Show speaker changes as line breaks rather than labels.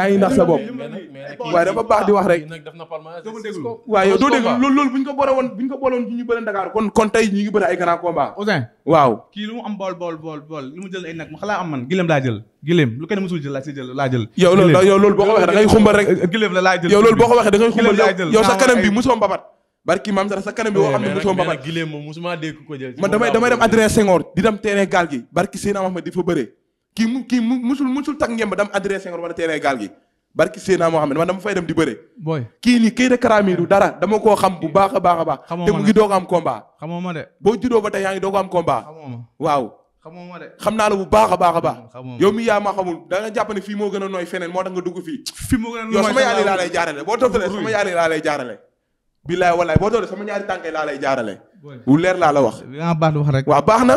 yaa ngi sa bopp waaye dafa baax di wax rek doo dégg loolu loolu bu ñu ko boole woon bu ñu ko boole woon ñu bëre jël ay nag ma xalaa am man gileem laa jël gileem lu kenn musul jël laa si jël laa jël yow loolu boo ko waxee da xumbal rek gileem la laa jël yow loolu boo ko waxee da ngay xumbal yow sa kanam bi musoo mbabat barki maam dara sa kanam bi woo oh, xam ne musoo mbabat gileem damay damay dem Adrien Senghor di dem terrain gaal gi barki seen am kii mu kii mu musul musul takk ngemb dam adressé nga wala terrain gaal gi barki Seydina Mohamed man dama fay dem di bëre. booy kii nii kii de karaami dara dama koo xam bu baax a baax a baax. te mu ngi doog am combat. xamoo ma de boo juddoo ba tey yaa ngi doog am combat. waaw. xamoo ma naa la bu baax a baax a baax. yow mi yaa ma xamul da nga moo gën a nooy feneen moo tax nga dugg fii. fii a nooy boo toftalee sama yaali laa lay jaarale. billaay wallaay boo toolee sama ñaari tànk laa leer laa la wax. waaw baax na